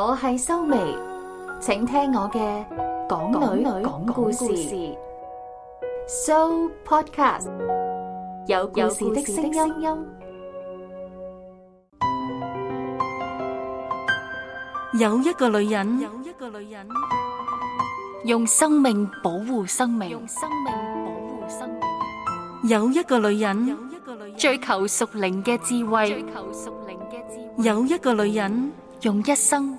我係蘇眉，請聽我嘅講女講故事。So Podcast 有故事的聲音。有一個女人，有一個女人用生命保護生命。用生命保護生命。有一個女人，有一個女人追求屬靈嘅智慧。追求屬靈嘅智慧。有一個女人用一生。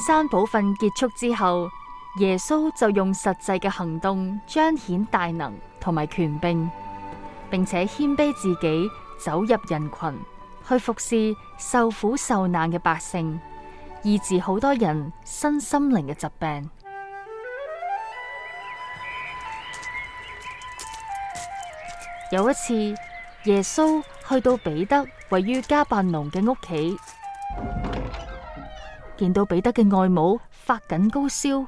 山寶訓結束之後，耶穌就用實際嘅行動彰顯大能同埋權柄，並且謙卑自己走入人群，去服侍受苦受難嘅百姓，醫治好多人身心靈嘅疾病。有一次，耶穌去到彼得位於加伯農嘅屋企。見到彼得嘅外母發緊高燒，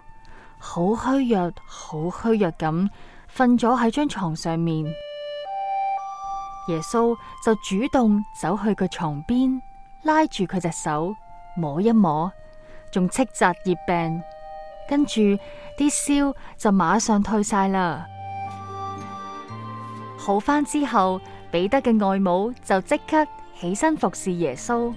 好虛弱，好虛弱咁，瞓咗喺張床上面。耶穌就主動走去佢床邊，拉住佢隻手摸一摸，仲斥責熱病，跟住啲燒就馬上退晒啦。好翻之後，彼得嘅外母就即刻起身服侍耶穌。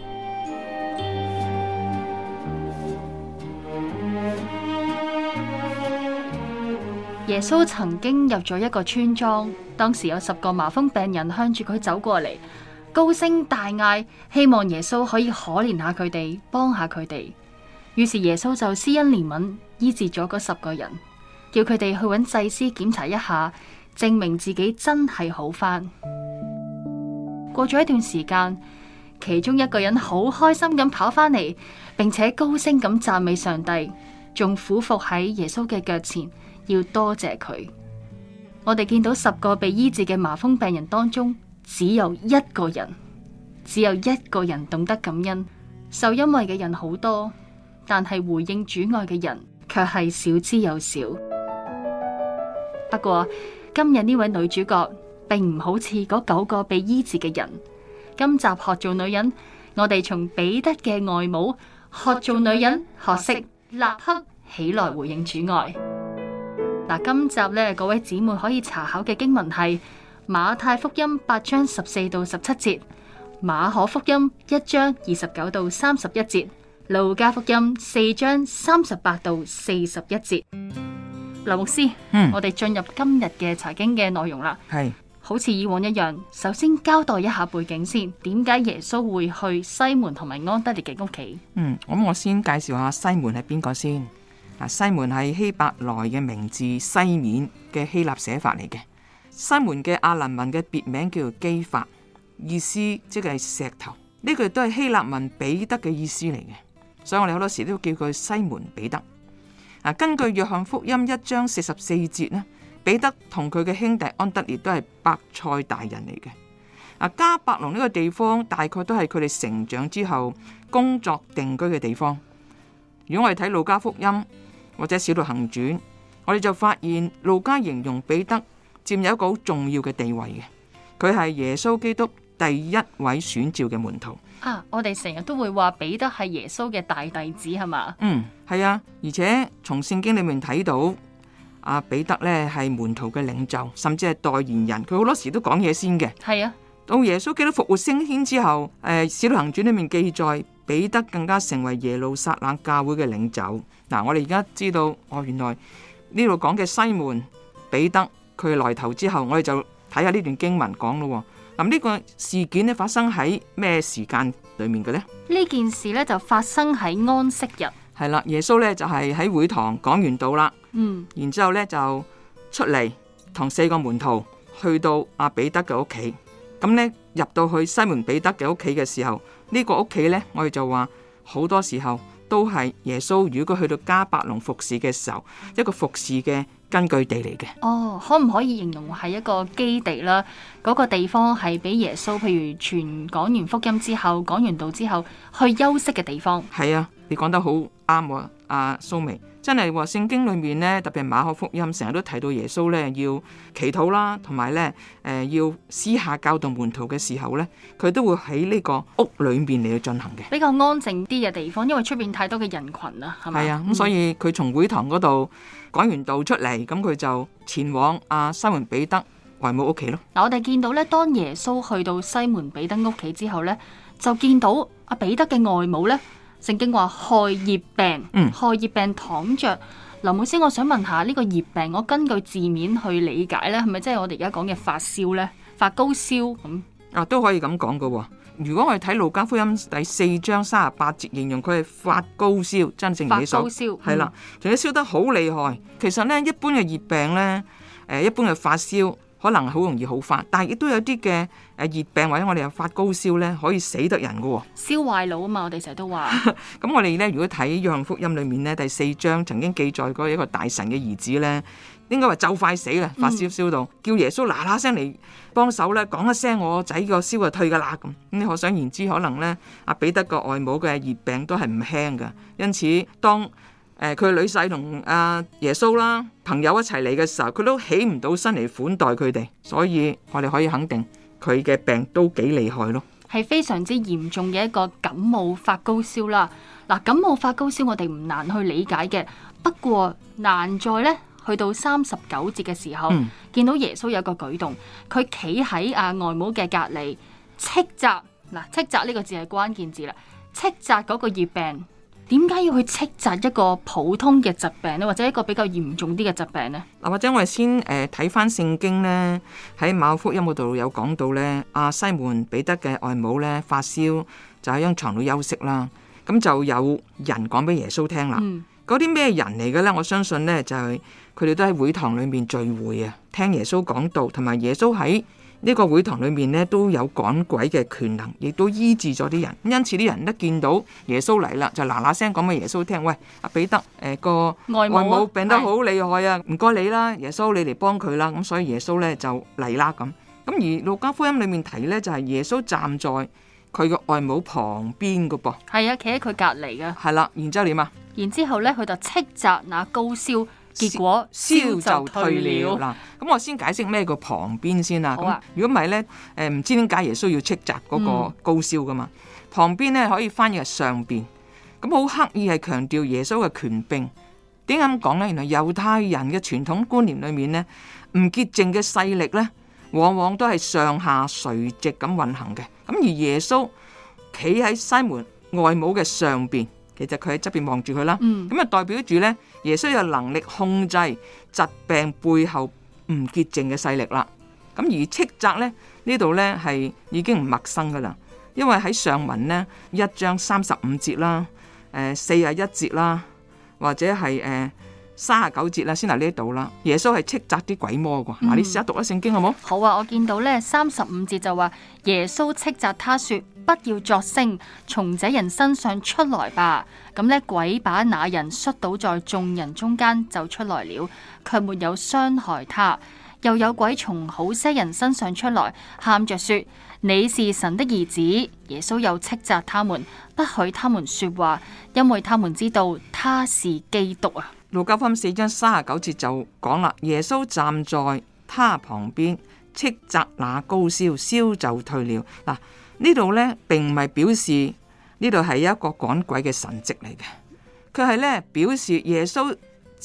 耶穌曾經入咗一個村莊，當時有十個麻風病人向住佢走過嚟，高聲大嗌，希望耶穌可以可憐下佢哋，幫下佢哋。於是耶穌就施恩憐憫，醫治咗嗰十個人，叫佢哋去揾祭司檢查一下，證明自己真係好翻。過咗一段時間，其中一個人好開心咁跑返嚟，並且高聲咁讚美上帝，仲俯伏喺耶穌嘅腳前。要多謝佢。我哋見到十個被醫治嘅麻風病人當中，只有一個人，只有一個人懂得感恩。受恩惠嘅人好多，但係回應主愛嘅人卻係少之又少。不過今日呢位女主角，並唔好似嗰九個被醫治嘅人。今集學做女人，我哋從彼得嘅外母學做女人，學識立刻，識立刻起來回應主愛。嗱，今集咧，各位姊妹可以查考嘅經文係《馬太福音》八章十四到十七節，《馬可福音》一章二十九到三十一節，《路加福音》四章三十八到四十一節。劉牧師，嗯，我哋進入今日嘅查經嘅內容啦。係是，好似以往一樣，首先交代一下背景先，點解耶穌會去西門同埋安德烈嘅屋企？嗯，咁我先介紹下西門係邊個先。西門係希伯來嘅名字，西面嘅希臘寫法嚟嘅。西門嘅阿林文嘅別名叫做基法，意思即係石頭。呢句都係希臘文彼得嘅意思嚟嘅，所以我哋好多時都叫佢西門彼得。根據約翰福音一章四十四節呢，彼得同佢嘅兄弟安德烈都係伯賽大人嚟嘅。迦百農呢個地方大概都係佢哋成長之後工作定居嘅地方。如果我哋睇路加福音。或者《小路行傳》，我哋就發現路加形容彼得佔有一個好重要嘅地位嘅，佢係耶穌基督第一位選召嘅門徒啊！我哋成日都會話彼得係耶穌嘅大弟子係嘛？嗯，係啊！而且從聖經裏面睇到，阿、啊、彼得呢係門徒嘅領袖，甚至係代言人，佢好多時都講嘢先嘅。係啊，到耶穌基督復活升天之後，誒，《小路行傳》裏面記載。彼得更加成為耶路撒冷教會嘅領袖。嗱，我哋而家知道哦，原來呢度講嘅西門彼得佢來頭之後，我哋就睇下呢段經文講咯。嗱，呢個事件呢發生喺咩時間裡面嘅呢？呢件事呢就發生喺安息日。係啦，耶穌呢就係喺會堂講完道啦。嗯。然之後呢就出嚟同四個門徒去到阿彼得嘅屋企。咁呢，入到去西門彼得嘅屋企嘅時候，呢個屋企呢，我哋就話好多時候都係耶穌如果去到加百隆服侍嘅時候，一個服侍嘅根據地嚟嘅。哦，可唔可以形容係一個基地啦？嗰個地方係俾耶穌，譬如全講完福音之後，講完道之後去休息嘅地方。係啊，你講得好啱喎，阿蘇眉。蘇真係話聖經裏面呢，特別馬可福音成日都提到耶穌呢，要祈禱啦，同埋呢，誒、呃、要私下教導門徒嘅時候呢，佢都會喺呢個屋裏面嚟去進行嘅，比較安靜啲嘅地方，因為出邊太多嘅人群啦，係嘛？係啊，咁所以佢從會堂嗰度講完道出嚟，咁佢、嗯、就前往阿、啊、西門彼得外母屋企咯。嗱，我哋見到呢，當耶穌去到西門彼得屋企之後呢，就見到阿、啊、彼得嘅外母呢。聖經話害熱病，嗯、害熱病躺着。林老師，我想問下呢、這個熱病，我根據字面去理解呢係咪即係我哋而家講嘅發燒呢？發高燒咁、嗯、啊，都可以咁講嘅。如果我哋睇《路加福音》第四章三十八節，形容佢係發高燒，真正嘅發高燒。係啦了，仲要燒得好厲害。其實呢，一般嘅熱病呢，誒，一般嘅發燒。可能好容易好翻，但係亦都有啲嘅誒熱病或者我哋有發高燒咧，可以死得人㗎喎。燒壞腦啊嘛！我哋成日都話。咁 我哋咧，如果睇《約翰福音》裏面咧第四章曾經記載過一個大神嘅兒子咧，應該話就快死啦，發燒燒到、嗯、叫耶穌嗱嗱聲嚟幫手咧，講一聲我仔個燒就退㗎啦咁。咁你可想而知，可能咧，阿彼得個外母嘅熱病都係唔輕㗎，因此當。誒佢、呃、女婿同阿、呃、耶穌啦朋友一齊嚟嘅時候，佢都起唔到身嚟款待佢哋，所以我哋可以肯定佢嘅病都幾厲害咯，係非常之嚴重嘅一個感冒發高燒啦。嗱、啊、感冒發高燒我哋唔難去理解嘅，不過難在呢，去到三十九節嘅時候，嗯、見到耶穌有一個舉動，佢企喺阿外母嘅隔離，斥責嗱斥、啊、責呢個字係關鍵字啦，斥責嗰個熱病。點解要去斥責一個普通嘅疾病咧，或者一個比較嚴重啲嘅疾病咧？嗱，或者我哋先誒睇翻聖經呢，喺馬福音嗰度有講到呢，阿、啊、西門彼得嘅外母呢，發燒就喺張床度休息啦。咁就有人講俾耶穌聽啦，嗰啲咩人嚟嘅呢？我相信呢，就係佢哋都喺會堂裏面聚會啊，聽耶穌講道，同埋耶穌喺。呢個會堂裏面咧都有趕鬼嘅權能，亦都醫治咗啲人。因此啲人一見到耶穌嚟啦，就嗱嗱聲講俾耶穌聽：喂，阿彼得誒、呃、個外母病得好厲害啊！唔該、哎、你啦，耶穌你嚟幫佢啦。咁所以耶穌呢就嚟啦咁。咁而《路加福音》裏面提呢，就係耶穌站在佢個外母旁邊噶噃。係啊，企喺佢隔離噶。係啦，然之後點啊？然之後、啊、後呢，佢就斥責那高燒。結果燒就退了。嗱，咁我先解釋咩個旁邊先啦。如果唔係咧，誒唔、呃、知點解耶穌要斥責嗰個高燒噶嘛？嗯、旁邊咧可以翻譯係上邊，咁好刻意係強調耶穌嘅權柄。點解咁講咧？原來猶太人嘅傳統觀念裏面咧，唔潔淨嘅勢力咧，往往都係上下垂直咁運行嘅。咁而耶穌企喺西門外母嘅上邊。其實佢喺側邊望住佢啦，咁啊、嗯、代表住呢，耶穌有能力控制疾病背後唔潔淨嘅勢力啦。咁而斥責呢，呢度呢，係已經唔陌生噶啦，因為喺上文呢，一章三十五節啦，四十一節啦，或者係誒。呃三十九節啦，先嚟呢度啦。耶穌係斥責啲鬼魔噶，嗱、嗯，你試下讀下聖經好冇？好啊，我見到咧三十五節就話耶穌斥責他說，說不要作聲，從這人身上出來吧。咁咧，鬼把那人摔倒在眾人中間，就出來了，卻沒有傷害他。又有鬼從好些人身上出來，喊着說你是神的兒子。耶穌又斥責他們，不許他們說話，因為他們知道他是基督啊。路九分四章三十九節就講啦，耶穌站在他旁邊斥責那高燒，燒就退了。嗱，呢度呢並唔係表示呢度係一個趕鬼嘅神蹟嚟嘅，佢係呢表示耶穌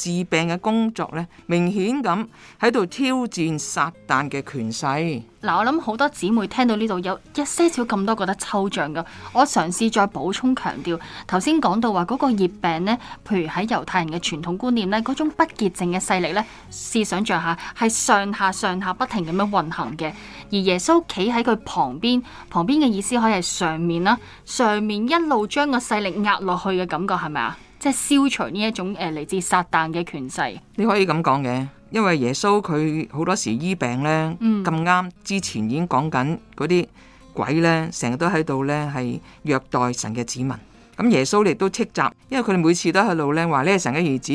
治病嘅工作咧，明顯咁喺度挑戰撒但嘅權勢。嗱、呃，我諗好多姊妹聽到呢度有一些少咁多覺得抽象㗎，我嘗試再補充強調。頭先講到話嗰個熱病呢，譬如喺猶太人嘅傳統觀念呢，嗰種不潔淨嘅勢力呢，試想像下係上下上下不停咁樣運行嘅。而耶穌企喺佢旁邊，旁邊嘅意思可以係上面啦，上面一路將個勢力壓落去嘅感覺係咪啊？是即係消除呢一種誒嚟、呃、自撒旦嘅權勢，你可以咁講嘅，因為耶穌佢好多時醫病呢，咁啱、嗯、之前已經講緊嗰啲鬼呢，成日都喺度呢係虐待神嘅子民，咁、嗯、耶穌亦都斥責，因為佢哋每次都喺度呢話呢個神嘅兒子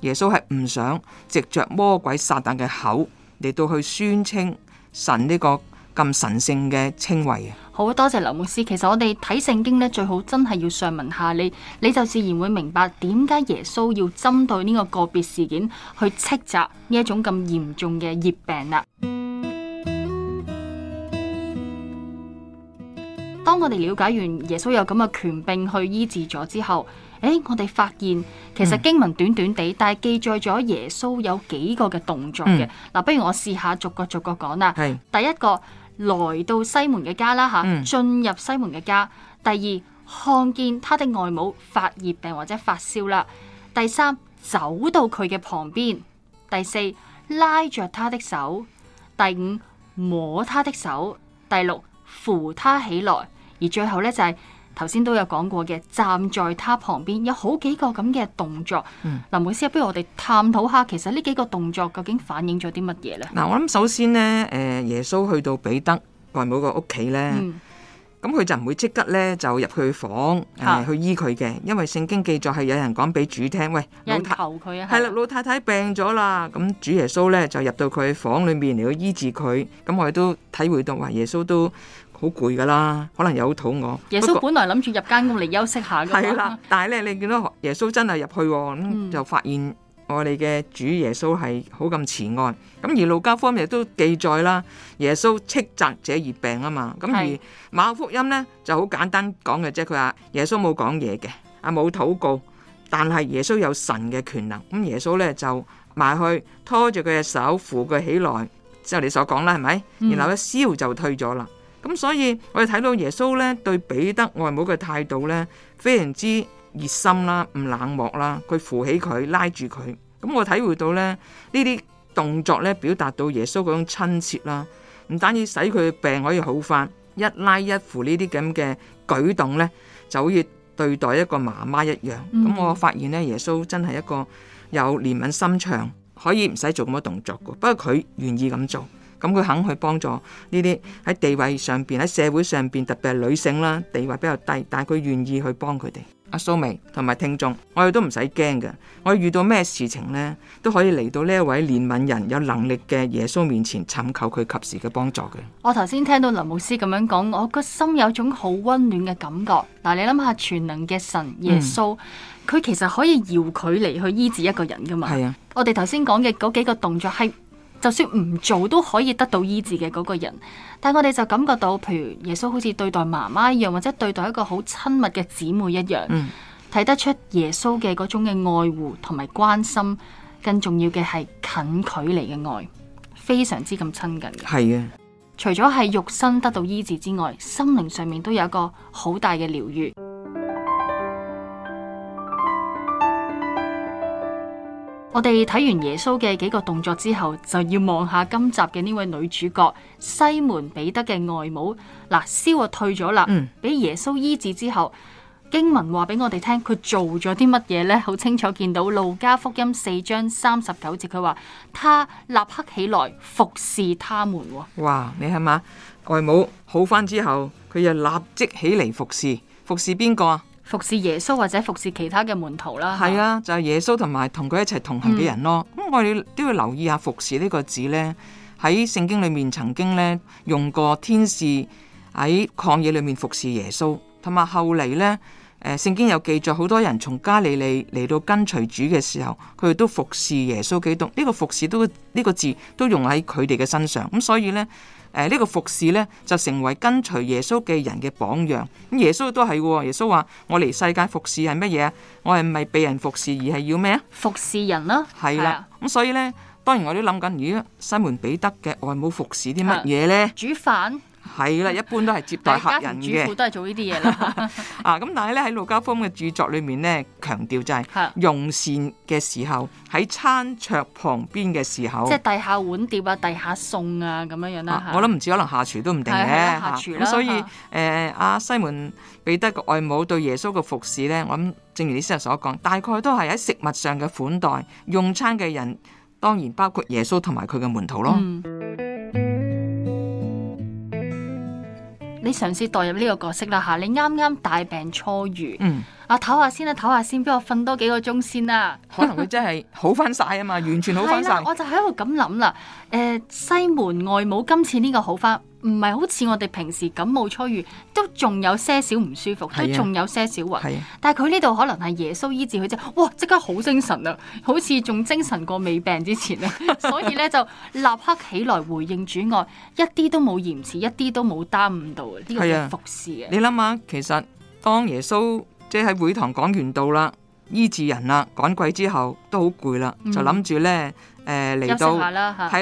耶穌係唔想藉着魔鬼撒旦嘅口嚟到去宣稱神呢個咁神聖嘅稱謂啊。好多謝劉牧師。其實我哋睇聖經咧，最好真係要上文下理，你就自然會明白點解耶穌要針對呢個個別事件去斥責呢一種咁嚴重嘅熱病啦。 當我哋了解完耶穌有咁嘅權柄去醫治咗之後，誒、欸，我哋發現其實經文短短地，嗯、但係記載咗耶穌有幾個嘅動作嘅。嗱、嗯啊，不如我試下逐個逐個講啦。是第一個。來到西門嘅家啦吓，進入西門嘅家。第二，看見他的外母發熱病或者發燒啦。第三，走到佢嘅旁邊。第四，拉着他的手。第五，摸他的手。第六，扶他起來。而最後咧，就係、是。頭先都有講過嘅，站在他旁邊有好幾個咁嘅動作。林律師，不如我哋探討下，其實呢幾個動作究竟反映咗啲乜嘢咧？嗱、呃，我諗首先咧，誒，耶穌去到彼得外母個屋企咧，咁佢、嗯嗯、就唔會即刻咧就入去房、呃啊、去醫佢嘅，因為聖經記載係有人講俾主聽，喂，有頭佢，係啦，老太太病咗啦，咁主耶穌咧就入到佢房裏面嚟到醫治佢，咁我哋都體會到話耶穌都。好攰噶啦，可能有肚餓。耶穌本來諗住入間屋嚟休息下噶，係啦。但係咧，你見到耶穌真係入去咁、哦，嗯、就發現我哋嘅主耶穌係好咁慈愛。咁而路加方面都記載啦，耶穌斥責者而病啊嘛。咁而馬可福音咧就好簡單講嘅，啫。佢話耶穌冇講嘢嘅，啊冇禱告，但係耶穌有神嘅權能。咁、嗯、耶穌咧就埋去拖住佢嘅手扶佢起來，之後你所講啦，係咪？然後一燒就退咗啦。咁所以我哋睇到耶穌咧對彼得外母嘅態度咧非常之熱心啦，唔冷漠啦，佢扶起佢，拉住佢。咁我體會到咧呢啲動作咧表達到耶穌嗰種親切啦，唔單止使佢嘅病可以好返，一拉一扶呢啲咁嘅舉動咧就好似對待一個媽媽一樣。咁、嗯、我發現咧耶穌真係一個有憐憫心腸，可以唔使做咁多動作嘅，不過佢願意咁做。咁佢肯去幫助呢啲喺地位上邊、喺社會上邊，特別係女性啦，地位比較低，但係佢願意去幫佢哋。阿蘇明同埋聽眾，我哋都唔使驚嘅。我哋遇到咩事情呢，都可以嚟到呢一位憐憫人有能力嘅耶穌面前尋求佢及時嘅幫助嘅。我頭先聽到林牧師咁樣講，我個心有種好溫暖嘅感覺。嗱，你諗下全能嘅神耶穌，佢、嗯、其實可以遙距離去醫治一個人噶嘛？係啊。我哋頭先講嘅嗰幾個動作係。就算唔做都可以得到醫治嘅嗰個人，但我哋就感覺到，譬如耶穌好似對待媽媽一樣，或者對待一個好親密嘅姊妹一樣，嗯、睇得出耶穌嘅嗰種嘅愛護同埋關心，更重要嘅係近距離嘅愛，非常之咁親近嘅。係啊嘅，除咗係肉身得到醫治之外，心靈上面都有一個好大嘅療癒。我哋睇完耶穌嘅幾個動作之後，就要望下今集嘅呢位女主角西門彼得嘅外母嗱燒退咗啦，俾耶穌醫治之後，經文話俾我哋聽佢做咗啲乜嘢呢？好清楚見到路加福音四章三十九節，佢話他立刻起來服侍他們。哇！你係嘛，外母好返之後，佢又立即起嚟服侍，服侍邊個啊？服侍耶穌或者服侍其他嘅門徒啦，係啊，就係、是、耶穌同埋同佢一齊同行嘅人咯。咁、嗯、我哋都要留意下服侍呢、呢個字呢，喺聖經裏面曾經呢，用過天使喺曠野裏面服侍耶穌，同埋後嚟呢，誒，聖經有記載好多人從加利利嚟到跟隨主嘅時候，佢哋都服侍耶穌基督。呢、呢個服侍都呢、呢個字都用喺佢哋嘅身上。咁所以呢。誒，呢個服侍咧就成為跟隨耶穌嘅人嘅榜樣。咁耶穌都係、哦，耶穌話我嚟,世界服侍係乜嘢？我係唔係被人服侍而係要咩啊？服侍人啦。係啦。咁所以咧，當然我都諗緊，如果西門彼得嘅外母服侍啲乜嘢咧？煮飯。係啦，一般都係接待客人嘅。主婦都係做呢啲嘢啦。 啊，咁但係咧，喺路加福音嘅著作裏面咧，強調就係、是、的用膳嘅時候，喺餐桌旁邊嘅時候，即係遞下碗碟啊，遞下餸啊，咁樣樣、啊、啦、啊、我諗唔止可能下廚都唔定嘅嚇。咁所以誒，阿、啊、西門彼得嘅外母對耶穌嘅服侍咧，我諗正如你先頭所講，大概都係喺食物上嘅款待，用餐嘅人當然包括耶穌同埋佢嘅門徒咯。嗯你嘗試代入呢個角色啦嚇，你啱啱大病初愈，嗯，啊唞下先啦，唞下先，俾我瞓多幾個鐘先啦、啊。 可能佢真係好翻晒啊嘛，完全好翻晒。我就喺度咁諗啦，誒，西門外母今次呢個好翻。唔係好似我哋平時感冒初癒，都仲有些少唔舒服，都仲有些少暈，啊啊、但係佢呢度可能係耶穌醫治佢之後、是，哇！即刻好精神啦、啊，好似仲精神過未病之前啦、啊， 所以呢，就立刻起來回應主愛，一啲都冇延遲，一啲都冇耽誤到呢、呢個服侍嘅、啊。你諗下，其實當耶穌即係喺會堂講完道啦。醫治人啦，趕鬼之後都好攰啦，嗯、就諗住咧，誒、呃、嚟到係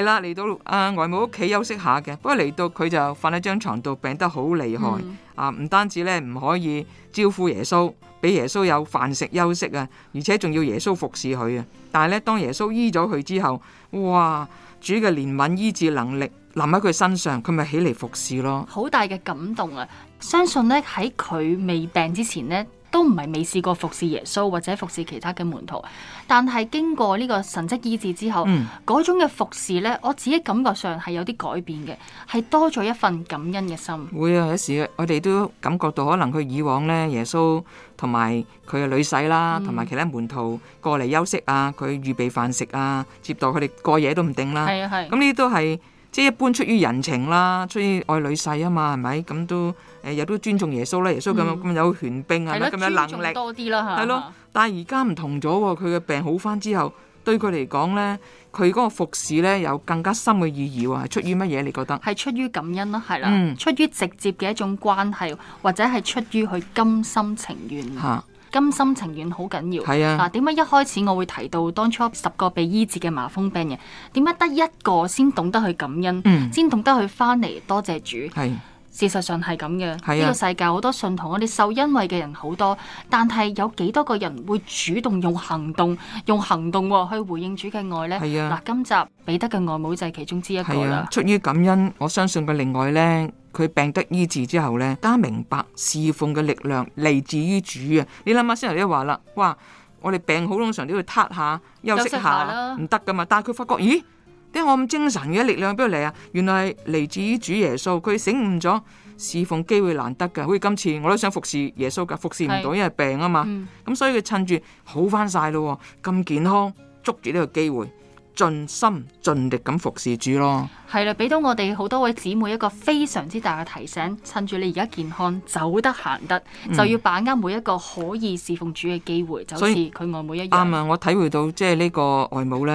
啦，嚟到阿外母屋企休息下嘅、呃。不過嚟到佢就瞓喺張床度，病得好厲害、嗯、啊！唔單止咧，唔可以招呼耶穌，俾耶穌有飯食休息啊，而且仲要耶穌服侍佢啊。但係咧，當耶穌醫咗佢之後，哇！主嘅憐憫醫治能力臨喺佢身上，佢咪起嚟服侍咯。好大嘅感動啊！相信咧喺佢未病之前咧。都唔係未試過服侍耶穌或者服侍其他嘅門徒，但係經過呢個神蹟醫治之後，嗰、嗯、種嘅服侍呢，我自己感覺上係有啲改變嘅，係多咗一份感恩嘅心。會啊，有時我哋都感覺到可能佢以往呢，耶穌同埋佢嘅女婿啦，同埋其他門徒過嚟，休息啊，佢預備飯食啊，接待佢哋過夜都唔定啦。係啊係，咁呢啲都係。即係一般出於人情啦，出於愛女婿啊嘛，係咪咁都，誒，又、呃、都尊重耶穌啦，耶穌咁咁有權柄啊，咁有能力。尊重多啲啦，係咯。但係而家唔同咗，佢嘅病好翻之後對佢嚟講咧，佢嗰個服侍咧有更加深嘅意義啊，係出於乜嘢，你覺得？係出於感恩咯，係啦、嗯，出於直接嘅一種關係，或者係出於佢甘心情願。甘心情願好緊要，嗱、啊，點解一開始我會提到當初十個被醫治嘅麻風病人，點解得一個先懂得去感恩，先、嗯、懂得去返嚟多謝主？事實上係咁嘅，呢、啊、個世界好多信徒，我哋受恩惠嘅人好多，但係有幾多個人會主動用行動、用行動、哦、去回應主嘅愛呢？係啊！嗱，今集彼得嘅外母就係其中之一個啦、啊。出於感恩，我相信佢。另外呢，佢病得醫治之後呢，更加明白侍奉嘅力量嚟自於主啊！你諗下先，人都話啦，哇！我哋病好通常都要塌下休息下啦，唔得㗎嘛，但係佢發覺咦？因為我咁精神嘅力量邊度嚟啊？原來係嚟自主耶穌。佢醒悟咗，侍奉機會難得嘅，好似今次我都想服侍耶穌噶，服侍唔到，是因為病啊嘛。咁、嗯、所以佢趁住好翻晒咯，咁健康，捉住呢個機會，盡心盡力咁服侍主咯。係啦、啊，俾到我哋好多位姊妹一個非常之大嘅提醒：趁住你而家健康，走得行得，嗯、就要把握每一個可以侍奉主嘅機會。就好似佢外母一樣。啱啊，我體會到即係呢個外母咧，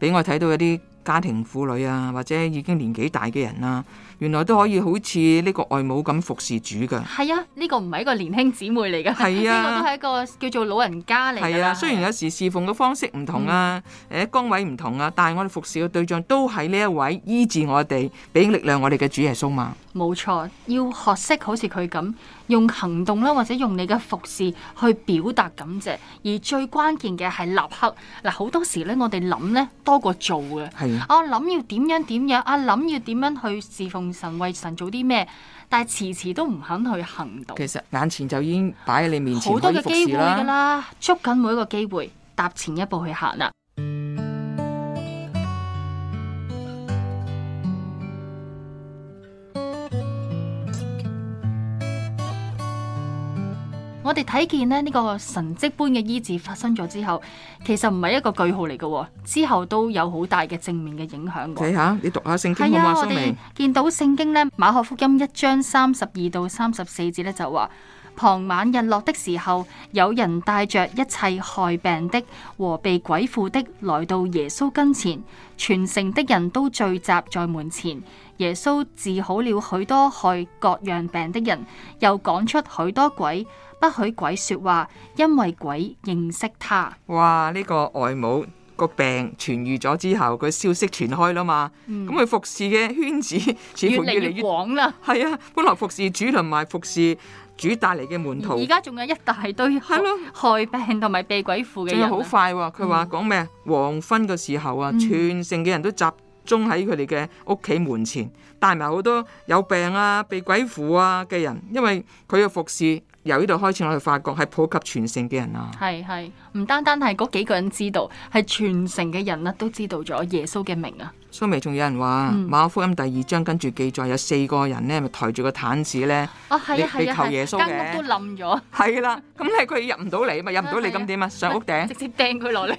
俾、嗯嗯、我睇到一啲。家庭婦女啊，或者已經年紀大嘅人啦、啊，原來都可以好似呢個外母咁服侍主噶。係啊，呢、呢個唔係一個年輕姊妹嚟噶，呢、啊、 個都係一個叫做老人家嚟噶。係啊，啊雖然有時侍奉嘅方式唔同啊，誒、嗯，崗位唔同啊，但係我哋服侍嘅對象都係呢一位醫治我哋、俾力量我哋嘅主耶穌嘛。冇錯，要學識好似佢咁用行動啦，或者用你嘅服侍去表達感謝，而最關鍵嘅係立刻嗱。好多時咧我哋諗咧多過做嘅，係啊，我諗要點樣點樣啊，諗要點樣去侍奉神，為神做啲咩，但係遲遲都唔肯去行動。其實眼前就已經擺喺你面前好多嘅機會噶啦，捉緊每一個機會，踏前一步去行啦。我哋睇見咧呢、呢個神蹟般嘅醫治發生咗之後，其實唔係一個句號嚟嘅，哦，之後都有好大嘅正面嘅影響，哦。睇下你讀下聖經嘅馬。係啊，我哋見到聖經呢馬可福音一章三十二到三十四節咧就話：傍晚日落的時候，有人帶着一切害病的和被鬼附的來到耶穌跟前，全城的人都聚集在門前。耶穌治好了許多害各樣病的人，又趕出許多鬼。不許鬼說話，因為鬼認識他。哇！呢、這個外母個病痊愈咗之後，佢消息傳開啦嘛，咁佢、嗯、服侍嘅圈子似乎越嚟越廣啦。係啊，本來服侍主，同埋服侍主帶嚟嘅門徒。而家仲有一大堆係咯，害病同埋被鬼附嘅人。仲有好快、啊，佢話講咩啊？黃昏嘅時候啊，嗯、全城嘅人都集中喺佢哋嘅屋企門前，帶埋好多有病啊、被鬼附啊嘅人，因為佢嘅服侍。由呢度開始，我哋發覺係普及全城嘅人啊，係係唔單單係嗰幾個人知道，係全城嘅人啊都知道咗耶穌嘅名啊。蘇眉仲有人話馬可福音第二章跟住記載有四個人咧，咪抬住個毯子咧，要求耶穌嘅，間屋都冧咗。係啦，咁咧佢入唔到嚟啊嘛，入唔到嚟咁點啊？上屋頂，直接掟佢落嚟，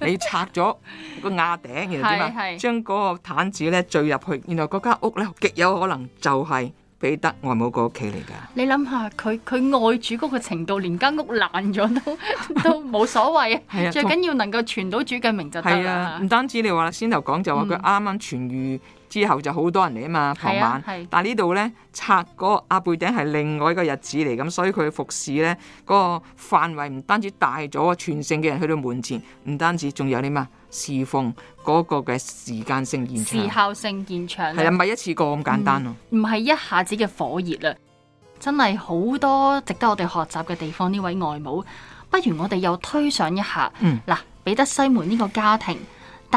你拆咗個瓦頂，然後點啊？將嗰個毯子咧墜入去，原來嗰間屋咧極有可能就係。彼得外母個屋企嚟噶，你諗下佢，佢愛主屋嘅程度，連間屋爛咗都都冇所謂， 係啊，最緊要能夠傳到主嘅名就得啦。唔單止你話啦，先頭講就話佢啱啱痊癒。嗯之後就好多人嚟啊嘛，傍晚。啊、但係呢度呢，拆嗰個阿背頂係另外一個日子嚟，咁所以佢服侍呢嗰、嗰個範圍唔單止大咗，全城嘅人去到門前，唔單止仲有啲咩侍奉嗰個嘅時間性延長，時效性延長，係啊，唔係一次過咁簡單唔、啊、係、嗯、唔係一下子嘅火熱啊，真係好多值得我哋學習嘅地方。呢位外母，不如我哋又推想一下，嗱，彼得西門呢個家庭。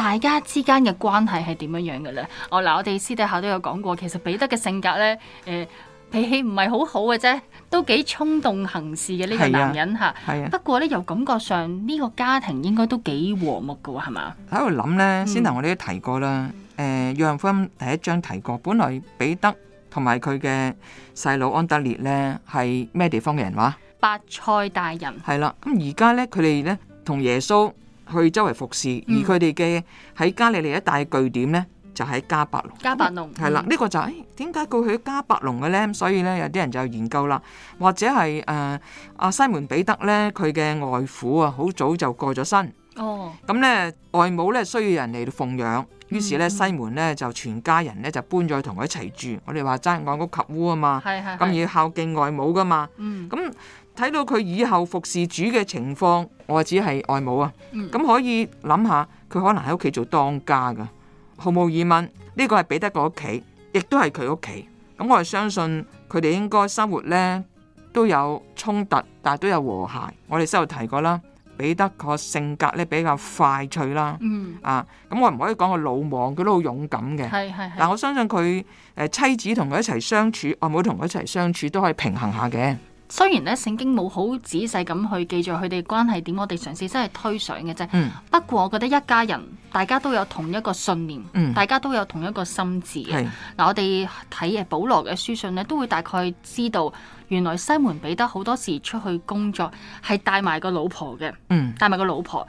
大家之間嘅關係係點樣樣嘅咧？哦，嗱，我哋私底下都有講過，其實彼得嘅性格咧，誒、呃，脾氣唔係好好嘅啫，都幾衝動行事嘅呢、這個男人吓。係啊。啊不過咧，又感覺上呢、這個家庭應該都幾和睦嘅喎，係嘛？喺度諗咧，嗯、先頭我哋都提過啦。誒、呃，約翰第一章提過，本來彼得同埋佢嘅細佬安德烈咧，係咩地方嘅人話？白菜大人。係啦、啊，咁而家咧，佢哋咧同耶穌。去周圍服侍，而佢哋嘅喺加利利一帶嘅據點呢，就喺、是、加伯隆。加伯隆係啦，呢、嗯嗯、個就係點解叫佢加伯隆嘅呢？所以呢，有啲人就研究啦，或者係誒阿西門彼得呢，佢嘅外父啊，好早就過咗身。哦，咁呢、嗯，嗯嗯、外母呢，需要人嚟到奉養，於是呢，西門呢，就全家人呢，就搬咗去同佢一齊住。我哋話齋愛屋及烏啊嘛，咁要孝敬外母噶嘛。咁。睇到佢以後服侍主嘅情況，我只係外母啊，咁、嗯嗯、可以諗下佢可能喺屋企做當家噶，毫無疑問。呢、這個係彼得個屋企，亦都係佢屋企。咁、嗯、我係相信佢哋應該生活呢都有衝突，但係都有和諧。我哋先有提過啦，彼得個性格咧比較快脆啦、啊，嗯啊，咁、嗯、我唔可以講佢魯莽，佢都好勇敢嘅，係係，但我相信佢誒、呃、妻子同佢一齊相處，外母同佢一齊相處都可以平衡下嘅。雖然咧，聖經冇好仔細咁去記住佢哋關係點，我哋嘗試真係推想嘅啫。嗯、不過我覺得一家人，大家都有同一個信念，嗯、大家都有同一個心志。嗱是、啊，我哋睇誒保羅嘅書信咧，都會大概知道原來西門彼得好多時出去工作係帶埋個老婆嘅，嗯，帶埋個老婆。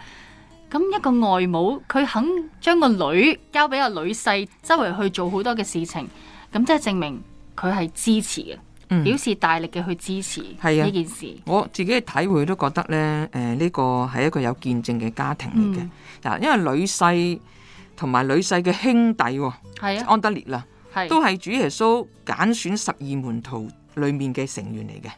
咁一個外母，佢肯將個女交俾個女婿，周圍去做好多嘅事情，咁即係證明佢係支持嘅。表示大力嘅去支持係啊呢件事，我自己嘅體會都覺得咧，誒呢個係一個有見證嘅家庭嚟嘅，嗱，因為女婿同埋女婿嘅兄弟係安德烈啦，都係主耶穌揀選十二門徒裏面嘅成員嚟嘅，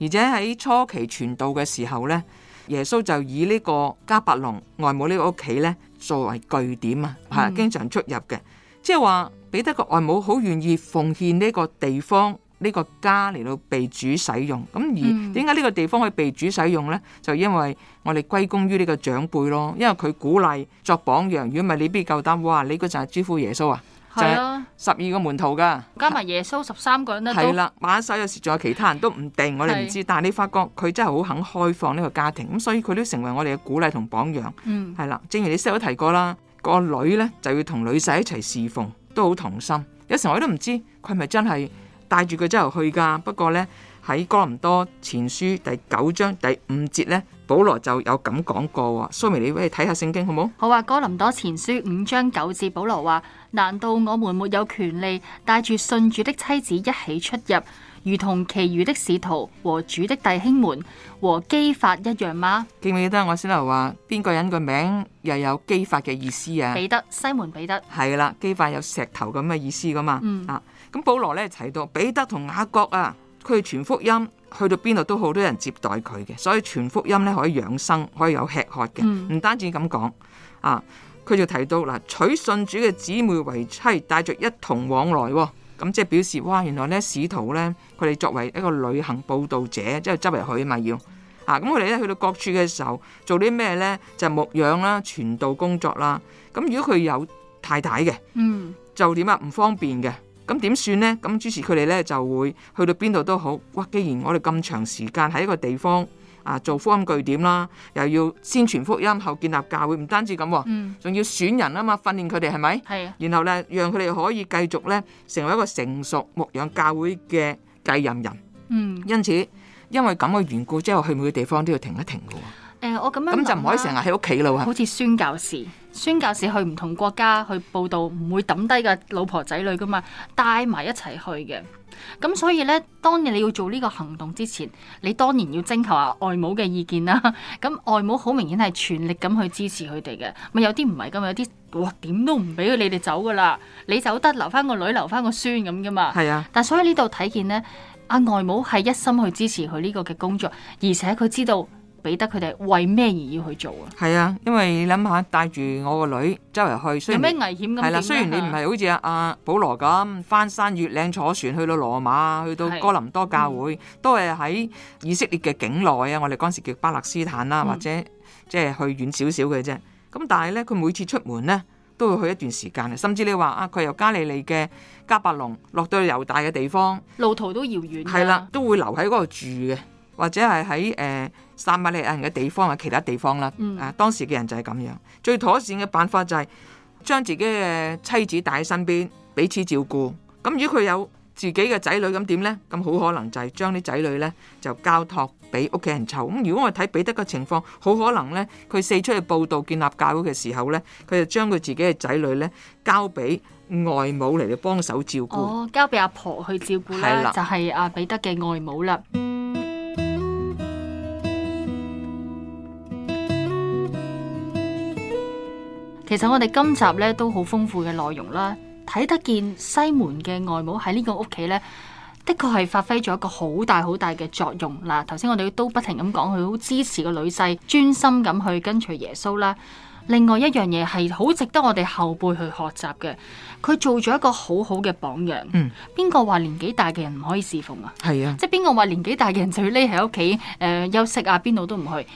而且喺初期傳道嘅時候咧，耶穌就以呢個加百龍外母呢個屋企咧作為據點啊，係經常出入嘅，即係話彼得個外母好願意奉獻呢個地方。呢個家嚟到被主使用，咁而點解呢個地方可以被主使用呢？就因為我哋歸功於呢個長輩咯，因為佢鼓勵作榜樣。如果唔係你必夠膽？哇！你嗰陣係主夫耶穌啊，啊就係十二個門徒㗎，加埋耶穌十三個人都係啦、啊。馬賽有時仲有其他人都唔定，我哋唔知。啊、但係你發覺佢真係好肯開放呢個家庭，咁所以佢都成為我哋嘅鼓勵同榜樣。係啦、嗯啊，正如你先都提過啦，個女呢就要同女婿一齊侍奉，都好同心。有時我都唔知佢係咪真係。帶住佢之後去噶，不過呢，喺哥林多前書第九章第五節呢，保羅就有咁講過。蘇明，你俾你睇下聖經好冇？好啊，哥林多前書五章九節，保羅話：難道我們沒有權利帶住信主的妻子一起出入，如同其餘的使徒和主的弟兄們和基法一樣嗎？記唔記得我先頭話邊個人個名又有基法嘅意思啊？彼得，西門彼得。係啦，基法有石頭咁嘅意思噶嘛？啊。嗯咁保羅咧提到彼得同雅各啊，佢傳福音去到邊度都好多人接待佢嘅，所以傳福音咧可以養生，可以有吃喝嘅，唔、嗯、單止咁講啊。佢就提到嗱，娶信主嘅姊妹為妻，帶着一同往來、哦，咁即係表示哇，原來咧使徒咧佢哋作為一個旅行報道者，即係周圍去嘛要啊。咁佢哋咧去到各處嘅時候做啲咩咧，就是、牧養啦，傳道工作啦。咁如果佢有太太嘅，嗯，就點啊，唔方便嘅。咁點算呢？咁支持佢哋呢，就會去到邊度都好，哇！既然我哋咁長時間喺一個地方啊，做福音據點啦，又要先傳福音後建立教會，唔單止咁、哦，嗯，仲要選人啊嘛，訓練佢哋係咪？啊、然後呢，讓佢哋可以繼續呢，成為一個成熟牧養教會嘅繼任人。嗯，因此因為咁嘅緣故，即係去每個地方都要停一停嘅喎、哦。誒、呃，我咁樣啦、啊，樣就唔可以成日喺屋企啊、好似宣教士，宣教士去唔同國家去報道，唔會抌低個老婆仔女噶嘛，帶埋一齊去嘅。咁所以咧，當你要做呢個行動之前，你當然要徵求啊外母嘅意見啦。咁外母好明顯係全力咁去支持佢哋嘅。咪有啲唔係咁，有啲哇，點都唔俾你哋走噶啦。你走得留翻個女，留翻個孫咁噶嘛。係啊。但所以呢度睇見咧，阿外母係一心去支持佢呢個嘅工作，而且佢知道。彼得佢哋為咩而要去做啊？係啊，因為你諗下，帶住我個女周圍去，雖然有咩危險咁？係啦、啊，雖然你唔係好似阿阿保羅咁翻山越嶺坐船去到羅馬，去到哥林多教會，嗯、都係喺以色列嘅境內啊！我哋嗰時叫巴勒斯坦啊，或者、嗯、即係去遠少少嘅啫。咁但係咧，佢每次出門咧，都會去一段時間啊！甚至你話啊，佢由加利利嘅迦百農落到去猶大嘅地方，路途都遙遠、啊，係啦、啊，都會留喺嗰度住嘅。或者係喺誒撒瑪利亞人嘅地方或者其他地方啦。啊，當時嘅人就係咁樣。最妥善嘅辦法就係將自己嘅妻子帶喺身邊，彼此照顧。咁如果佢有自己嘅仔女，咁點咧？咁好可能就係將啲仔女咧就交託俾屋企人湊。咁如果我睇彼得嘅情況，好可能咧，佢四出去佈道、建立教會嘅時候咧，佢就將佢自己嘅仔女咧交俾外母嚟嚟幫手照顧。哦，交俾阿婆去照顧啦，係喇，就係阿彼得嘅外母啦。其實我哋今集咧都好豐富嘅內容啦，睇得見西門嘅外母喺呢個屋企咧，的確係發揮咗一個好大好大嘅作用嗱。頭先我哋都不停咁講，佢好支持個女婿，專心咁去跟隨耶穌啦。另外一樣嘢係好值得我哋後輩去學習嘅，佢做咗一個好好嘅榜樣。嗯，邊個話年紀大嘅人唔可以侍奉啊？係啊，即係邊個話年紀大嘅人就要匿喺屋企誒休息啊？邊度都唔去。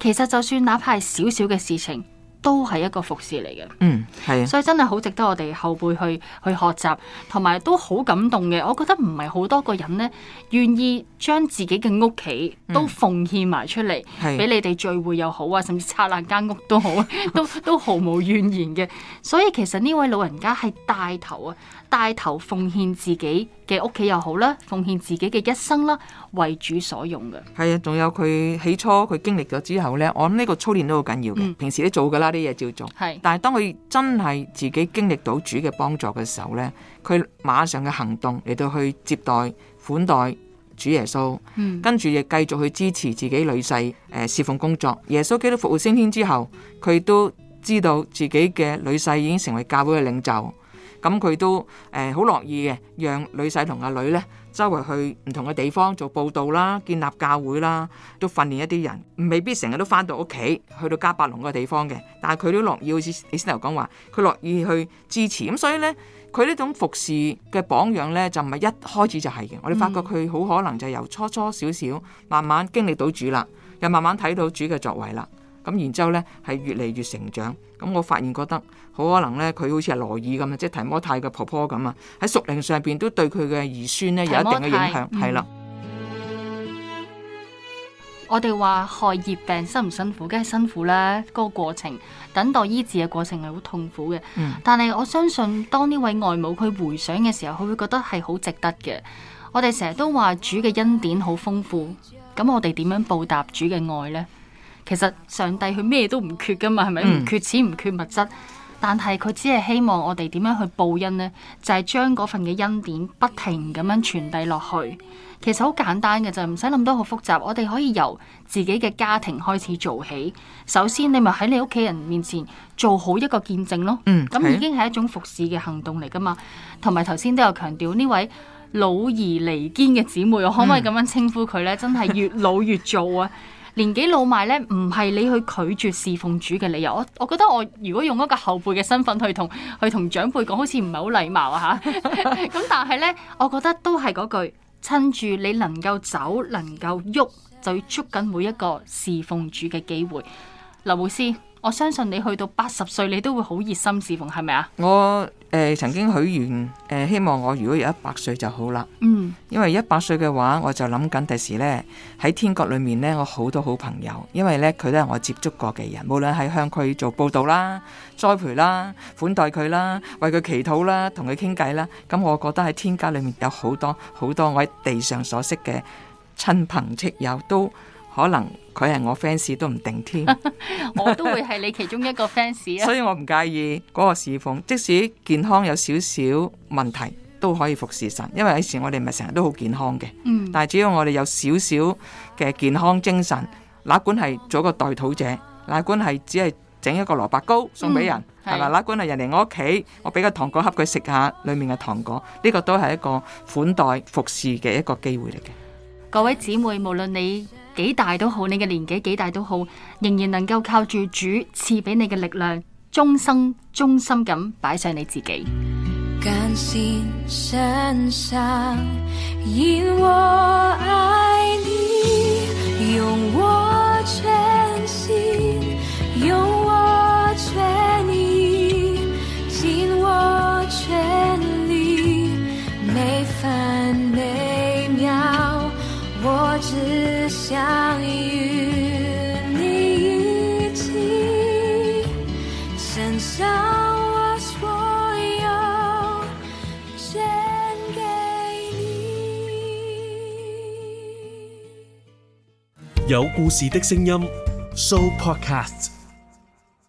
其實就算哪怕係小小嘅事情。都係一個服侍嚟嘅，嗯係，所以真係好值得我哋後輩去去學習，同埋都好感動嘅。我覺得唔係好多個人呢，願意將自己嘅屋企都奉獻埋出嚟，俾、嗯、你哋聚會又好啊，甚至拆爛間屋都好，都都毫無怨言嘅。所以其實呢位老人家係帶頭啊，帶頭奉獻自己嘅屋企又好啦，奉獻自己嘅一生啦，為主所用嘅。係啊，仲有佢起初佢經歷咗之後呢，我諗呢個操練都好緊要嘅。嗯、平時都做噶啦，啲嘢照做。是但係當佢真係自己經歷到主嘅幫助嘅時候呢，佢馬上嘅行動嚟到去接待款待主耶穌，嗯、跟住亦繼續去支持自己女婿誒、呃、侍奉工作。耶穌基督復活升天之後，佢都知道自己嘅女婿已經成為教會嘅領袖。咁佢都誒好、呃、樂意嘅，讓女婿同阿女呢周圍去唔同嘅地方做報道啦、建立教會啦，都訓練一啲人，未必成日都翻到屋企，去到加百隆個地方嘅。但係佢都樂意，好似你先頭講話，佢樂意去支持。咁所以呢，佢呢種服侍嘅榜樣呢，就唔係一開始就係嘅。我哋發覺佢好可能就由初初少少，慢慢經歷到主啦，又慢慢睇到主嘅作為啦。咁然之後咧，係越嚟越成長。咁我發現覺得，好可能咧，佢好似係羅爾咁啊，即係提摩太嘅婆婆咁啊。喺熟齡上邊都對佢嘅兒孫咧有一定嘅影響，係啦、嗯。了我哋話害業病辛唔辛苦？梗係辛苦啦，那個過程，等待醫治嘅過程係好痛苦嘅。嗯、但係我相信，當呢位外母佢回想嘅時候，佢會覺得係好值得嘅。我哋成日都話主嘅恩典好豐富，咁我哋點樣報答主嘅愛呢？其實上帝佢咩都唔缺噶嘛，係咪？唔缺錢，唔缺物質，嗯、但係佢只係希望我哋點樣去報恩呢？就係將嗰份嘅恩典不停咁樣傳遞落去。其實好簡單嘅就唔使諗得好複雜。我哋可以由自己嘅家庭開始做起。首先，你咪喺你屋企人面前做好一個見證咯。嗯，咁已經係一種服侍嘅行動嚟噶嘛。同埋頭先都有強調呢位老而彌堅嘅姊妹，我可唔可以咁樣稱呼佢呢？真係越老越做啊！嗯 年紀老邁咧，唔係你去拒絕侍奉主嘅理由。我我覺得我如果用一個後輩嘅身份去同去同長輩講，好似唔係好禮貌吓、啊。咁 但係咧，我覺得都係嗰句，趁住你能夠走、能夠喐，就要捉緊每一個侍奉主嘅機會。劉牧師，我相信你去到八十歲，你都會好熱心侍奉，係咪啊？我。曾經許願希望我如果有一百歲就好啦。嗯，因為一百歲嘅話，我就諗緊第時呢喺天國裏面呢，我好多好朋友，因為呢，佢都係我接觸過嘅人，無論喺向佢做報道啦、栽培啦、款待佢啦、為佢祈禱啦、同佢傾偈啦，咁我覺得喺天家裏面有好多好多我喺地上所識嘅親朋戚友都。可能佢係我 fans 都唔定添，我都會係你其中一個 fans 啊。所以我唔介意嗰個侍奉，即使健康有少少問題都可以服侍神，因為有時我哋唔係成日都好健康嘅。嗯。但係只要我哋有少少嘅健康精神，哪管係做一個代禱者，哪管係只係整一個蘿蔔糕送俾人，係嘛？哪管係人嚟我屋企，我俾個糖果盒佢食下裏面嘅糖果，呢個都係一個款待服侍嘅一個機會嚟嘅。各位姊妹，無論你幾大都好，你嘅年紀幾大都好，仍然能夠靠住主賜俾你嘅力量，終生忠心咁擺上你自己。只想與你一起獻上我所有，獻給你。有故事的聲音 Show Podcast